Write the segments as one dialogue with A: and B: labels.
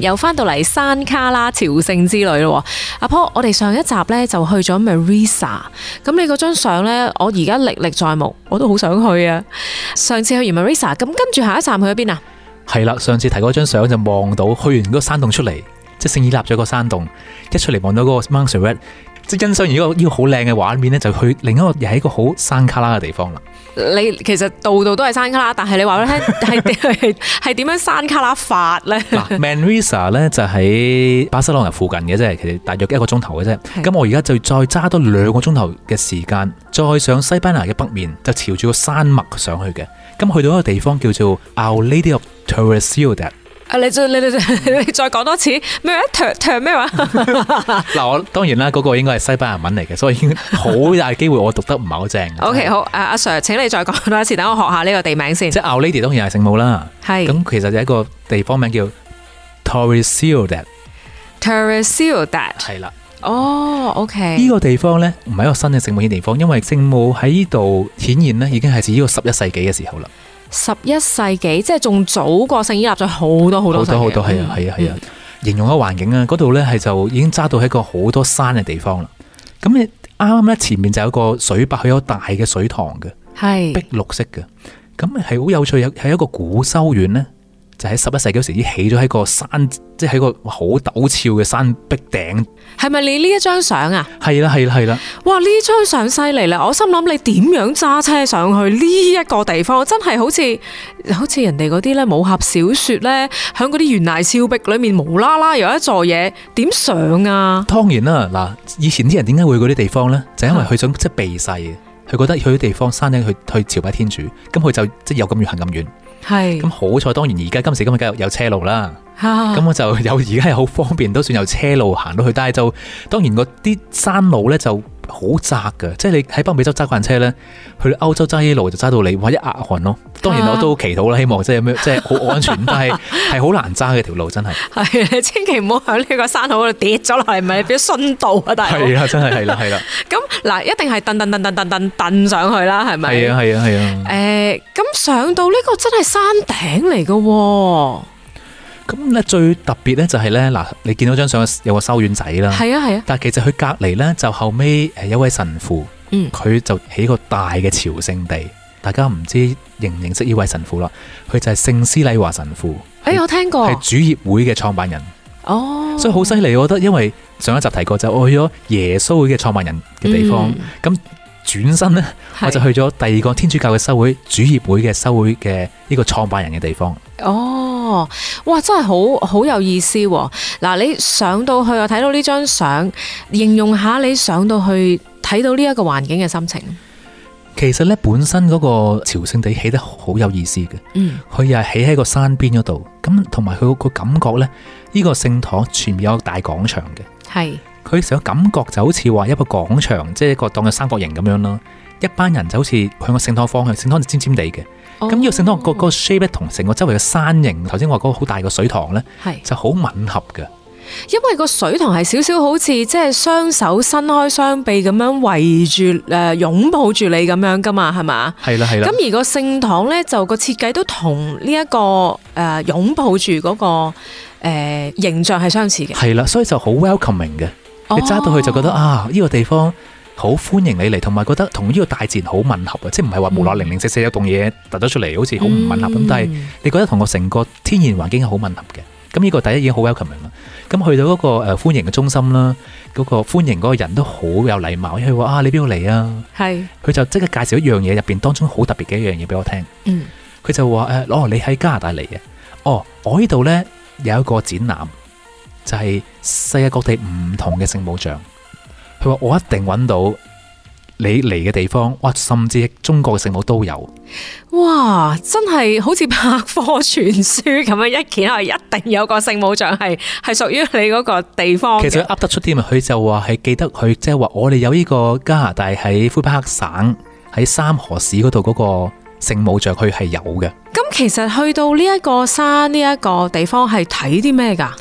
A: 又翻到嚟山卡拉、朝聖之旅咯，阿婆，我哋上一集呢就去咗 Manresa，咁你嗰張相呢，我而家歷歷在目，我都好想去啊！上次去完 Manresa，咁跟住下一站去咗邊啊？
B: 係啦，上次提嗰張相就望到去完嗰個山洞出嚟，即係聖依納爵個山洞，一出嚟望到嗰個 Montserrat 欣賞完一個個好靚嘅畫面咧，就去另一個又係一個好山卡拉嘅地方啦。
A: 你其實度度都係山卡拉，但係你話咧，係點係點樣山卡拉法咧
B: ？Manresa 咧就喺巴塞羅那附近嘅啫，其實大約一個鐘頭嘅啫。咁的我而家就再揸多兩個鐘頭嘅時間，再上西班牙嘅北面，就朝住個山脈上去嘅。咁、嗯、去到一個地方叫做 Our Lady of Torreciudad
A: 你再你你你再講多次咩？咩話？
B: 嗱，我當然啦，嗰個應該係西班牙文嚟嘅，所以好大機會我讀得唔係好正。
A: O K，好，阿阿 Sir，請你再講多次，等我學下呢個地名先。即
B: 係 Our Lady 當然係聖母啦，係。咁其實有一個地方名叫
A: Torreciudad，Torreciudad 係啦。哦，O K，呢個
B: 地方咧唔係一個新嘅聖母嘅地方，因為聖母喺呢度顯現咧已經係自呢個十一世紀嘅時候啦。
A: 十一世紀，即係仲早過聖伊納咗好多好多。好多好多係啊係啊係啊！啊啊嗯、
B: 形容一個環境啊，嗰度咧係就已經揸到喺個好多山嘅地方啦。咁你啱啱咧前面就有一個水泊，佢有個大嘅水塘嘅，係碧綠色嘅。咁係好有趣，有係一個古修院咧。就喺十一世紀嘅時候，已經起咗喺個山，即係喺個好陡峭嘅山壁頂。
A: 係咪你呢一張相啊？係
B: 啦，係啦，係啦！
A: 哇，呢張相犀利啦！我心諗你點樣揸車上去呢一個地方？真係好似好似人哋嗰啲咧武俠小說咧，喺嗰啲懸崖
B: 峭壁裏面
A: 無啦啦有一座嘢，點上
B: 啊？當然啦，嗱，以前啲人點解會嗰啲地方咧？就是、因為佢想的即係避世啊！佢覺得去啲地方山頂去去朝拜天主，咁佢就即係有咁遠行咁遠。係，咁是好彩，當然而家今時今日梗係有車路啦，咁、啊、我就有而家係好方便，都算有車路行到去，但係就當然嗰啲山路咧就。好窄嘅，即係你喺北美洲揸慣車咧，去歐洲揸呢路就揸到你，或者壓汗咯。當然我都祈禱啦，希望即係咁樣，即係好安全。但係係好難揸嘅條路，真係。
A: 係你千祈唔好喺呢個山口度跌咗落嚟，咪變咗殉道啊！但係係啊，真係係啦，係啦。咁嗱，一定係蹬蹬蹬蹬蹬蹬蹬上去啦，係咪？係啊，係啊，係啊。誒，咁上到呢個真係山頂嚟嘅。
B: 咁咧，最特別咧就係咧，嗱，你見到張相有個修院仔啦，係啊係啊，但係其實佢隔籬咧就後尾誒有一位神父，嗯，佢就起個大嘅朝聖地，大家唔知認唔認識呢位神父啦，佢就係聖施禮華神父，
A: 哎，我聽過，係
B: 主業會嘅創辦人，哦，所以好犀利，我覺得，因為上一集提過就我去咗耶穌會嘅創辦人嘅地方，咁轉身咧我就去咗第二個天主教嘅修會，主業會嘅修會嘅呢個創辦人嘅地方，
A: 哦。哦，哇，真係好好有意思喎、哦！嗱，你上到去，我睇到呢張相，形容下你上到去睇到呢一個環境嘅心情。
B: 其實呢，本身嗰個朝聖地起得好有意思嘅，嗯，佢又係起喺個山邊嗰度，咁同埋佢個感覺呢，呢、這個聖堂前面有個大廣場嘅，係佢成個感覺就好似話一個廣場，即係一個當嘅三角形咁樣咯。一班人就好似向個聖堂方向，聖堂就尖尖地嘅。咁呢、oh. 個聖堂個個 shape 同成個周圍嘅山形，頭先我話嗰個好大嘅水塘咧，就好吻合嘅。
A: 因為個水塘係少少好似即係雙手伸開雙臂咁樣圍住誒、呃、擁抱住你咁樣噶嘛，係咪？係啦，係啦。咁而個聖堂咧就個設計都同呢一個誒、呃、擁抱住嗰、那個、呃、形象係相似嘅。係
B: 啦，所以就好 welcoming 嘅。你揸到去就覺得、oh. 啊，呢、這個地方。好歡迎你嚟，同埋覺得同呢個大自然好吻合嘅，即係唔係話無奈零零舍舍有棟嘢凸咗出嚟，好似好唔吻合咁。但係你覺得同個成個天然環境係好吻合嘅。咁呢個第一已經好 welcome 啊！咁去到嗰個誒歡迎嘅中心啦，嗰個歡迎嗰個人都好有禮貌，因為話啊你邊度嚟啊？係，佢就即刻介紹一樣嘢，入邊當中好特別嘅一樣嘢俾我聽。嗯，佢就話誒，攞你喺加拿大嚟嘅，哦，我呢度咧有一個展覽，就係世界各地唔同嘅聖母像。佢話我一定揾到你嚟嘅地方，哇！甚至中國嘅聖母都有，
A: 哇！真係好似百科全書咁樣，一件係一定有個聖母像係係屬於你嗰個地方。其實
B: 噏得出啲啊！佢就話係記得佢，即係話我哋有呢個加拿大喺魁北克省喺三河市嗰度嗰個聖母像，佢係有嘅。
A: 咁其實去到呢一個山呢一個地方係睇啲咩噶？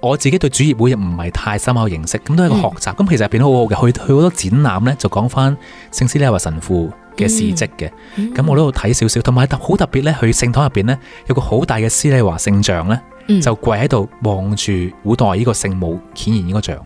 B: 我自己對主業會唔係太深厚認識，咁都係個學習。咁、嗯、其實入邊好好嘅，去去好多展覽咧，就講翻聖施禮華神父嘅事蹟嘅。咁、嗯、我都度睇少少，同埋好特別咧，去聖堂入邊咧有個好大嘅施禮華聖像咧，嗯、就跪喺度望住古代呢個聖母顯現呢個像嘅。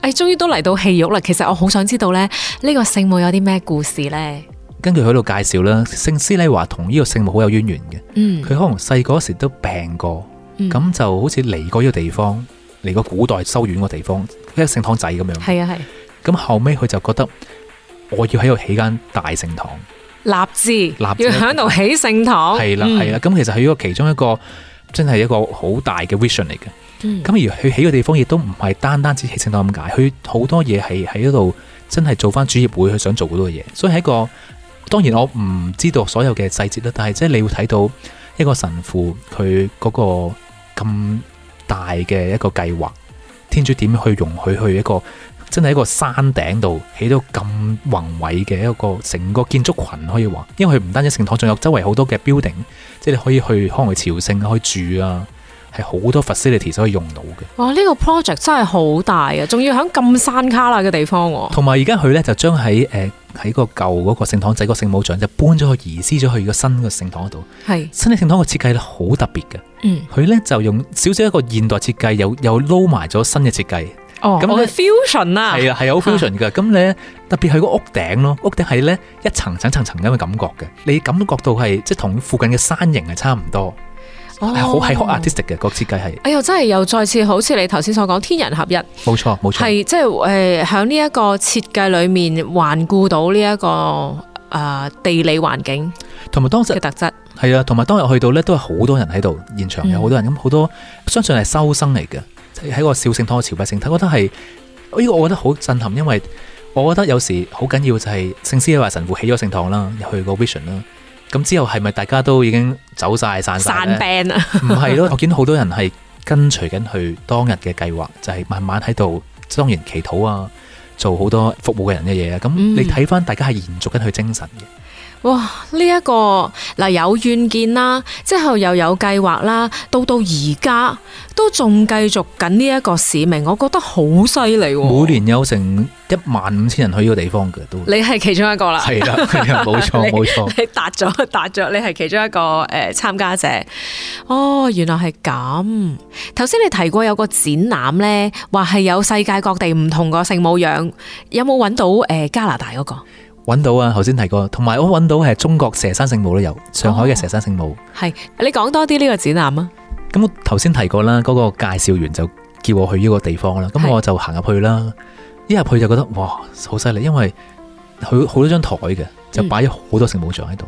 A: 哎，終於都嚟到戲肉啦！其實我好想知道咧，呢、這個聖母有啲咩故事咧？
B: 根據佢度介紹啦，聖施禮華同呢個聖母好有淵源嘅。佢、嗯、可能細個嗰時都病過。咁就好似嚟過一個地方，嚟過古代修院個地方，一個聖堂仔咁樣。係啊係。咁後尾佢就覺得，我要喺度起間大聖堂。
A: 立志，立志要響度起聖堂。係啦係啦。咁、
B: 嗯、其實係一個其中一個，真係一個好大嘅 vision 嚟嘅。咁、嗯、而佢起個地方亦都唔係單單只起聖堂咁解，佢好多嘢係喺嗰度真係做翻主業會去想做好多嘢。所以係一個，當然我唔知道所有嘅細節啦，嗯、但係即係你會睇到一個神父佢嗰、嗰個。咁大嘅一個計劃，天主點去容許去一個真係一個山頂度起到咁宏偉嘅一個成個建築群可以話，因為佢唔單止聖堂，仲有周圍好多嘅 building，即係你可以去可能去朝聖啊，去住啊。係好多 facility 可以用到嘅。
A: 哇！呢、這個 project 真係好大啊，仲要喺咁山卡拉嘅地方、啊。
B: 同埋而家佢咧就將喺誒喺個舊嗰個聖堂仔個聖母像就搬咗去移師咗去個新嘅聖堂度。係是新嘅聖堂個設計好特別嘅。嗯，佢咧就用少少一個現代設計，又又撈埋咗新嘅設計。哦，咁嘅你 fusion 啊。係啊，係有 fusion 嘅。咁咧的特別係個屋頂咯，屋頂係咧一層層、層層咁嘅感覺嘅。你感覺到係即係同附近嘅山形係差唔多。
A: 好係好、哦、artistic
B: 嘅，這個設計係，
A: 哎喲真係又再次好似你頭先所講天人合一，
B: 冇錯冇錯，
A: 係即係誒響呢一個設計裏面環顧到呢、這、一個誒、呃、地理環境，
B: 同埋當時嘅特質，係啊，同埋當日去到咧都係好多人喺度，現場有好多人，咁好、嗯、多相信係修生嚟嘅，喺、就是、個小聖堂嘅朝拜聖體，我覺得係，呢個我覺得好震撼，因為我覺得有時好緊要就係聖施禮華神父起咗聖堂啦，入去個 vision 啦。咁之後係咪大家都已經走晒散曬？
A: 唔係咯，
B: 我見到好多人係跟隨緊佢當日嘅計劃，就係，是，慢慢喺度莊嚴祈禱啊，做好多服務嘅人嘅嘢啊。咁你睇翻，大家係延續緊佢精神嘅。
A: 哇！呢、這、一個嗱有願景啦，之後又有計劃啦，到到而家都仲繼續緊呢一個使命，我覺得好犀利。每
B: 年有成一萬五千人去呢個地方嘅都，你
A: 係其中一個啦。係啦， 冇錯冇錯，你達咗達咗，你係其中一個誒參、呃、加者。哦，原來係咁。頭先你提過有個展覽呢，話係有世界各地唔同個聖母像，有冇揾到誒、呃、加拿大嗰、那個？
B: 揾到啊，頭先提過，同埋我揾到係中國佘山聖母都有，上海嘅佘山聖母。
A: 係、哦，你講多啲呢個展覽啊。
B: 咁我頭先提過啦，嗰、那個介紹員就叫我去呢個地方啦。咁是我就行入去啦，一入去就覺得哇，好犀利，因為佢好多張台嘅，就擺咗好多聖母像喺度。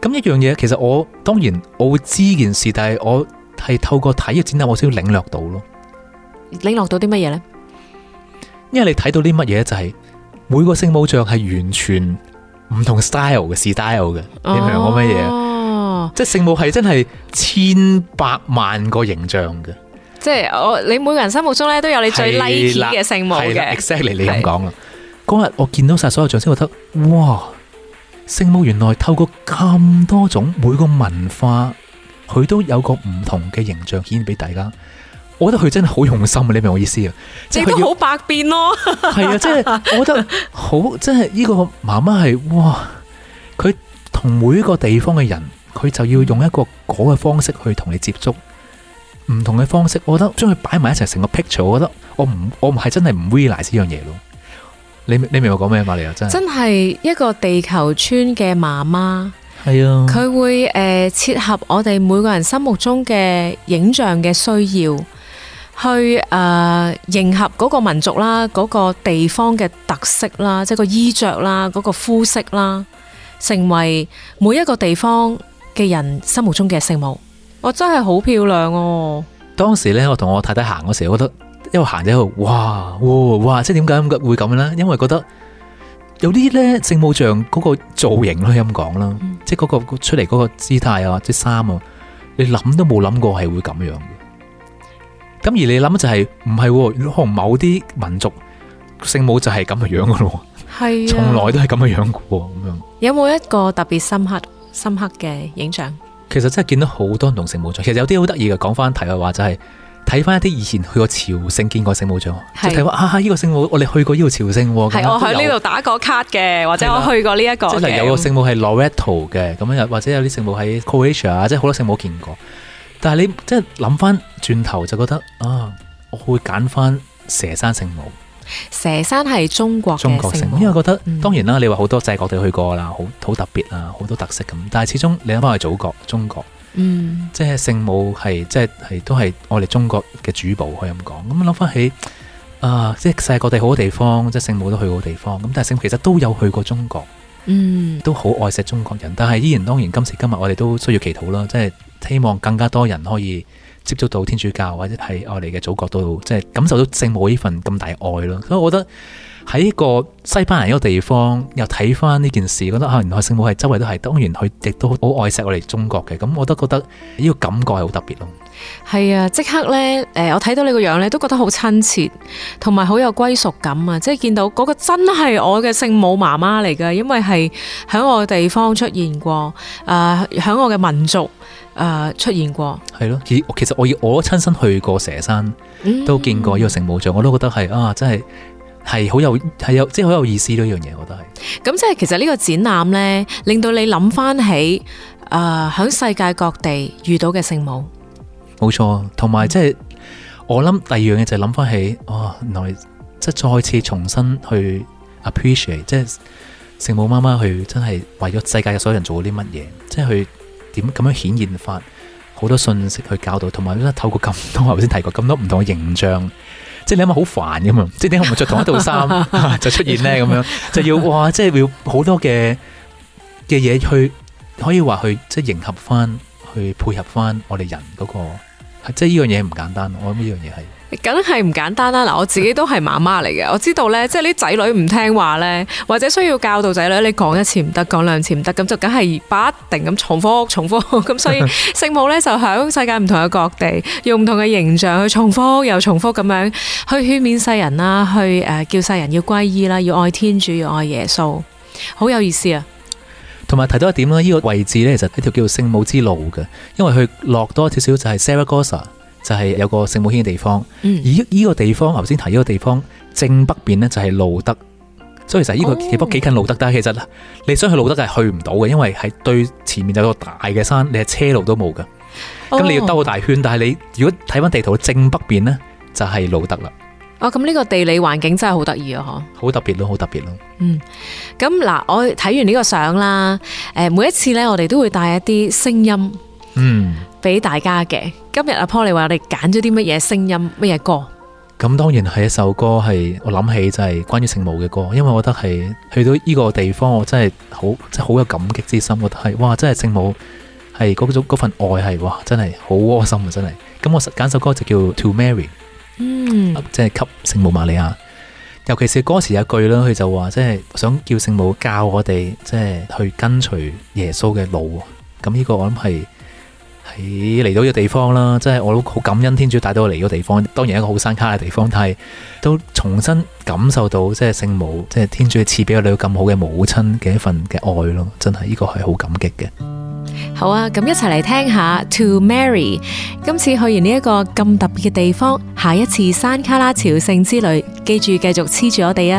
B: 咁、嗯、一樣嘢，其實我當然我會知件事，但係我係透過睇呢個展覽，我先領略到咯。
A: 領略到啲乜嘢呢？
B: 因為你睇到啲乜嘢就係、是。每個聖母像係完全唔同 style 嘅 style 嘅，你明我乜嘢？哦，即係聖母係真係千百萬個形象嘅，
A: 即係我你每個人心目中咧都有你最 like 嘅聖母嘅，exactly 你咁講
B: 啦。嗰日我見到晒所有像，先覺得哇，聖母原來透過咁多種每個文化，佢都有個唔同嘅形象獻俾大家。我覺得佢真係好用心啊！你明我意思啊？即係佢好
A: 百變咯。係 啊，即係
B: 我覺得好，即係呢個媽媽係哇！佢同每一個地方嘅人，佢就要用一個嗰嘅、那個、方式去同你接觸，唔同嘅方式。我覺得將佢擺埋一齊成個 picture，我覺得我唔我唔係真係唔 realize 呢樣嘢咯。你你明我講咩嘛？你又真係真
A: 係一個地球村嘅媽媽。係啊的，佢會誒、呃、切合我哋每個人心目中嘅影像嘅需要。去誒迎合嗰個民族啦，嗰個地方嘅特色啦，即係個衣著啦，嗰個膚色啦，成為每一個地方嘅人心目中嘅聖母，我真係好漂亮哦！
B: 當時咧，我同我太太行嗰時，我覺得一路行一路，哇哇！即係點解咁會咁樣咧？因為覺得有啲咧聖母像嗰個造型咯，咁講啦，即係嗰個出嚟嗰個姿態啊，啲衫啊，你諗都冇諗過係會咁樣。咁而你諗就係唔係？哦、可能某啲民族聖母就係咁嘅樣噶咯，
A: 係從、啊、
B: 來都係咁嘅樣噶。咁樣
A: 有冇一個特別深刻、深刻嘅影像？
B: 其實真係見到好多人同聖母像，其實有啲好得意嘅。講翻題嘅話就係睇翻一啲以前去過朝聖見過聖母像，啊、就睇翻啊呢、這個聖母，我哋去過呢度朝聖，啊、有我喺呢度
A: 打過卡嘅，或者我去過呢、這、一個。真係、啊、有個
B: 聖母係 Loretto 嘅，咁樣或者有啲聖母係 Croatia，即係好多聖母見過。但係你即係諗翻轉頭就覺得啊，我會揀翻佘山聖母。
A: 佘山係中國。中國聖、嗯、母，因
B: 為覺得當然啦，你話好多世界各地去過啦，好好特別啊，好多特色咁。但係始終你諗翻係祖國中國，嗯，即係聖母係即係都係我哋中國嘅主保。可以咁講。咁諗翻起啊，即係世界各地好多地方，即係聖母都去過嘅地方。咁但係聖母其實都有去過中國。嗯，都好愛錫中國人，但係依然當然今時今日我哋都需要祈禱啦，即係希望更加多人可以接觸到天主教，或者係我哋嘅祖國都，即係感受到聖母呢份咁大愛咯。所以我覺得喺個西班牙一個地方又睇翻呢件事，覺得啊，原來聖母係周圍都係，當然佢亦都好愛錫我哋中國嘅，咁我都覺得呢個感覺係好特別咯。
A: 係啊，即刻咧誒、呃，我睇到你個樣咧，都覺得好親切，同埋好有歸屬感啊。即係見到嗰個真係我嘅聖母媽媽嚟噶，因為係喺我地方出現過，誒、呃，喺我嘅民族誒、呃、出現過。
B: 係咯，其其實我我我親身去過佘山，都見過呢個聖母像，我都覺得係啊，真係係好有係有即係好有意思呢樣嘢，我覺得係
A: 咁即係。其實呢個展覽咧，令到你諗翻起誒，喺、呃、世界各地遇到嘅聖母。
B: 冇錯，同埋即係我諗第二樣嘢就係諗翻起，哦，原來即係再次重新去 appreciate，即係聖母媽媽去真係為咗世界嘅所有人做啲乜嘢，即、就、係、是、去點咁樣顯現法好多信息去教導，同埋都透過咁多頭先提過咁多唔同嘅形象，即係 你諗下好煩嘅嘛，即係點解唔着同一套衫就出現呢？咁樣， 就是、要哇，即係要好多嘅嘅嘢去可以話去即係、就是、迎合翻，去配合翻我哋人嗰、那個。即係呢樣嘢唔簡單，我諗呢樣嘢係，
A: 梗係唔簡單啦。嗱，我自己都係媽媽嚟嘅，我知道呢，即係啲仔女唔聽話呢，或者需要教導仔女，你講一次唔得，講兩次唔得，咁就梗係不斷咁重複重複。咁 所以聖母呢，就響世界唔同嘅各地，用唔同嘅形象去重複又重複咁樣去勸勉世人啦，去誒叫世人要皈依啦，要愛天主要愛耶穌，好有意思啊！
B: 同埋提到一點咧，呢、這個位置呢，其實係條叫做聖母之路嘅，因為佢落多少少就係 Saragossa，就係有個聖母軒嘅地方。而呢個地方，頭先提呢個地方正北邊呢就係路德，所以其實呢個地方幾近路德，但係、哦、其實你想去路德係去唔到嘅，因為係對前面有個大嘅山，你係車路都冇㗎，咁你要兜大圈。哦、但係你如果睇返地圖，正北邊呢就係路德啦。
A: 哦，咁呢個地理環境真係好得意啊！嗬，
B: 好特別咯，好特別咯。嗯，
A: 咁嗱，我睇完呢個相啦，誒，每一次咧，我哋都會帶一啲聲音，嗯，俾大家嘅。今日阿 Paul 你話我哋揀咗啲乜嘢聲音，乜嘢歌？
B: 咁當然係一首歌，係我諗起就係關於聖母嘅歌，因為我覺得係去到呢個地方，我真係好，即係好有感激之心。我覺得係哇，真係聖母係嗰種嗰份愛係哇，真係好窩心啊！真係。咁我揀首歌就叫 To Mary。嗯，即係給聖母瑪利亞，尤其是歌詞有一句啦，佢就話即係想叫聖母教我哋，即係去跟隨耶穌嘅路。咁呢個我諗係喺嚟到呢個地方啦，即係我都好感恩天主帶到我嚟個地方。當然一個好山卡嘅地方，但係都重新感受到即係聖母，即係天主賜俾我哋咁好嘅母親嘅一份嘅愛咯，真係呢個係好感激嘅。
A: 好啊，咁一齊嚟聽下《To Mary》。今次去完呢一個咁特別嘅地方，下一次山旮旯朝聖之旅，記住繼續黐住我哋
C: 啊！